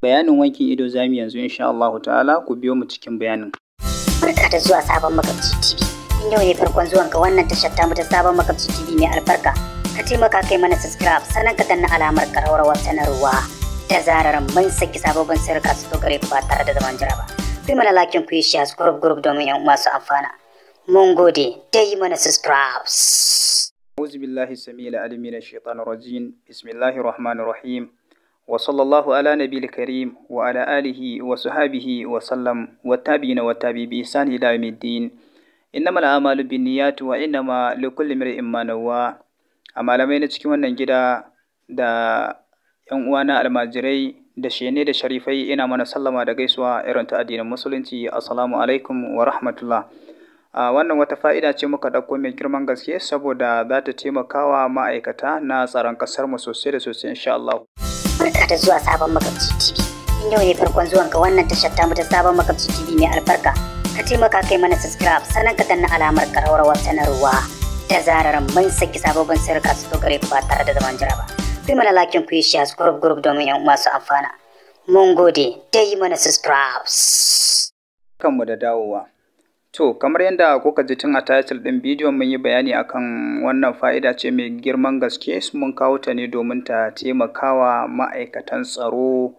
Bayanin wankin ido zamu yanzu insha Allahu ta'ala ku biyo mu cikin bayanin. Barka da zuwa sabon makamci TV. In yau ne farkon zuwan ka wannan tashar ta ta sabon makamci TV mai albarka. Ka taimaka kai mana subscribe sannan ka danna alamar karwarwar sanarwa. Da zarar mun saki sababbin sirka su dogare ba tare da zaman jira ba. Kai mana lakin ku yi share group group domin yan uwa su amfana. Mun gode, dai mana subscribe. أعوذ بالله السميع العليم من الشيطان الرجيم بسم الله وصلى الله wa نبي الكريم وعلى آله وصحابه وسلم والتابعين inna بإحسان إلى يوم الدين إنما الأعمال بالنيات وإنما لكل امرئ ما نوى أما لمين cikin wannan gida da ‘yan uwana almajirai da shene da sharifai ina mana sallama da gaisuwa irin ta addinin musulunci assalamu alaikum wa rahmatullah a wannan wata fa'ida ce muka ɗauko mai girman gaske saboda za ta taimakawa ma'aikata na tsaron mu sosai da sosai insha Allah. barka ta zuwa sabon makamci TV. In yau ne farkon zuwan ka wannan tashar tamu ta sabon makamci TV mai albarka. Ka taimaka kai mana subscribe sannan ka danna alamar karwarwar sanarwa da zarar mun saki sababbin sirrika su dogare ba tare da zaman jira ba. Kai mana lakin ku yi shi a group group domin yan uwa su amfana. Mun gode, dai mana subscribe. Kanmu da dawowa. To, kamar yadda kuka ji tun a title ɗin bidiyon mun yi bayani akan wannan fa'ida ce mai girman gaske mun kawo ta ne domin ta taimakawa ma'aikatan tsaro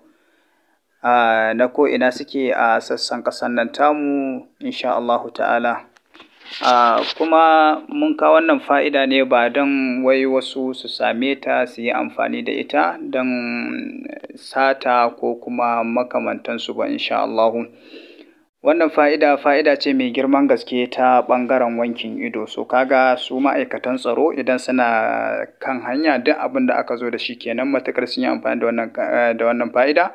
na ko'ina suke a sassan ƙasar nan tamu insha Allahu ta'ala. kuma mun kawo wannan fa'ida ne ba don wai wasu su same ta su yi amfani da ita don sata ko kuma makamantansu ba insha Allahu. Wannan fa'ida fa'ida ce mai girman gaske ta ɓangaren wankin ido, so kaga su ma'aikatan tsaro idan suna kan hanya duk abin da aka zo da shi kenan Matukar sun yi amfani da wannan, eh, fa'ida.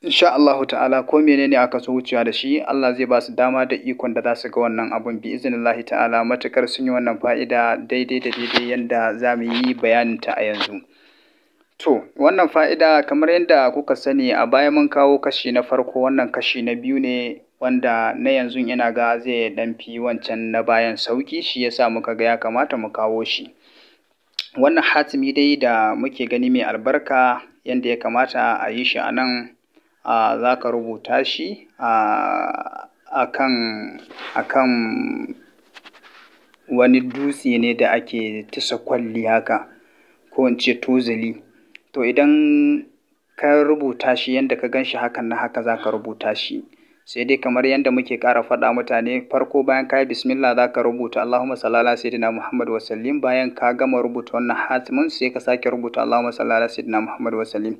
Insha Allah ta'ala ko menene aka so wucewa da shi Allah zai ba su dama da ikon da za su ga wannan abun bi iznillahi ta'ala Matukar sun yi wannan fa'ida daidai da daidai yadda za mu yi ta a yanzu. To, wannan fa'ida kamar yadda kuka sani a baya mun kawo kashi na farko wannan kashi na biyu ne wanda na yanzu ina ga zai dan fi wancan na bayan sauki shi yasa muka ga ya kamata mu kawo shi. Wannan hatimi dai da muke gani mai albarka yadda ya kamata a yi shi a nan za ka rubuta shi a kan wani dutse ne da ake tisa kwalli haka ko in ce tozali. to idan ka rubuta shi yadda ka gan shi hakan na haka za ka rubuta shi sai dai kamar yadda muke ƙara faɗa mutane farko bayan ka yi bismillah za ka rubuta Allahumma salli ala sayyidina Muhammad wa sallim bayan ka gama rubuta wannan hatimin sai ka sake rubuta Allahumma salli ala sayyidina Muhammad wa sallim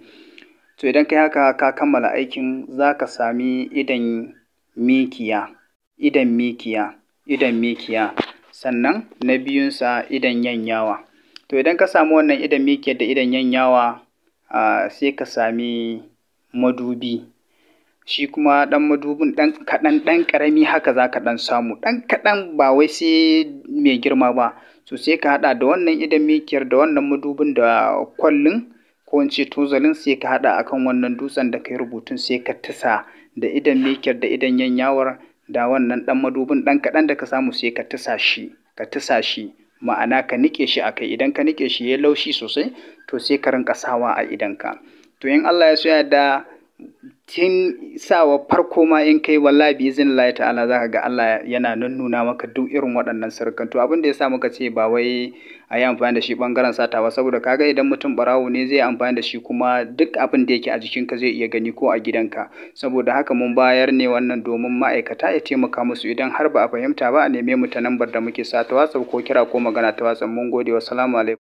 to idan yi haka ka kammala aikin za ka sami idan mikiya idan mikiya idan mikiya sannan na biyunsa idan yanyawa to idan ka samu wannan idan mikiya da idan yanyawa sai ka sami madubi. Shi kuma ɗan madubin ɗan kaɗan ɗan ƙarami haka za ka ɗan samu. Ɗan kaɗan ba wai sai mai girma ba. So sai ka haɗa da wannan idon mikiyar da wannan madubin da kwallin ko in ce tozalin sai ka haɗa akan wannan dutsen da ka yi rubutun sai ka tisa da idon mikiyar da idon yanyawar da wannan ɗan madubin ɗan kaɗan da ka samu sai ka tisa shi, ka shi. ma'ana ka nike shi a kai, idan ka nike shi ya laushi sosai to sai ka rinka sawa a idanka to in Allah ya so ya da tun sawa farko ma in kai wallahi bi izin Allah ta'ala zaka ga Allah yana nunnuna maka duk irin waɗannan sarkan to abin da ya sa muka ce ba wai a yi amfani da shi bangaren sata ba saboda kaga idan mutum barawo ne zai amfani da shi kuma duk abin da yake a jikinka zai iya gani ko a gidanka saboda haka mun bayar ne wannan domin ma'aikata ya taimaka musu idan har ba a fahimta ba a neme mu ta lambar da muke sa, ta watsa ko kira ko magana ta watsa. mun gode wa salamu alaikum